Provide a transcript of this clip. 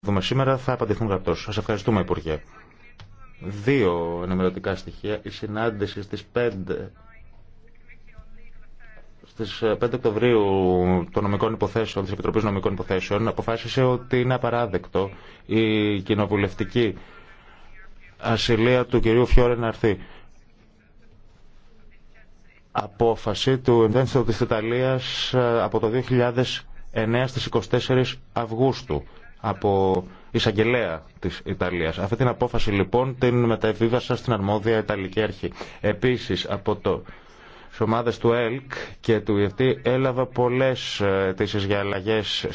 δούμε σήμερα θα απαντηθούν γραπτώ. Σα ευχαριστούμε, Υπουργέ. Δύο ενημερωτικά στοιχεία. Η συνάντηση στι 5 στις 5 Οκτωβρίου των νομικών υποθέσεων, της Επιτροπής Νομικών Υποθέσεων αποφάσισε ότι είναι απαράδεκτο η κοινοβουλευτική ασυλία του κυρίου Φιόρε να έρθει. Απόφαση του Ενδένστητο της Ιταλίας ε, από το 2009 στις 24 Αυγούστου από εισαγγελέα της Ιταλίας. Αυτή την απόφαση λοιπόν την μεταβίβασα στην αρμόδια Ιταλική Αρχή. Επίσης από το ομάδες του ΕΛΚ και του ΙΕΦΤΗ έλαβα πολλές ε, αιτήσει για αλλαγέ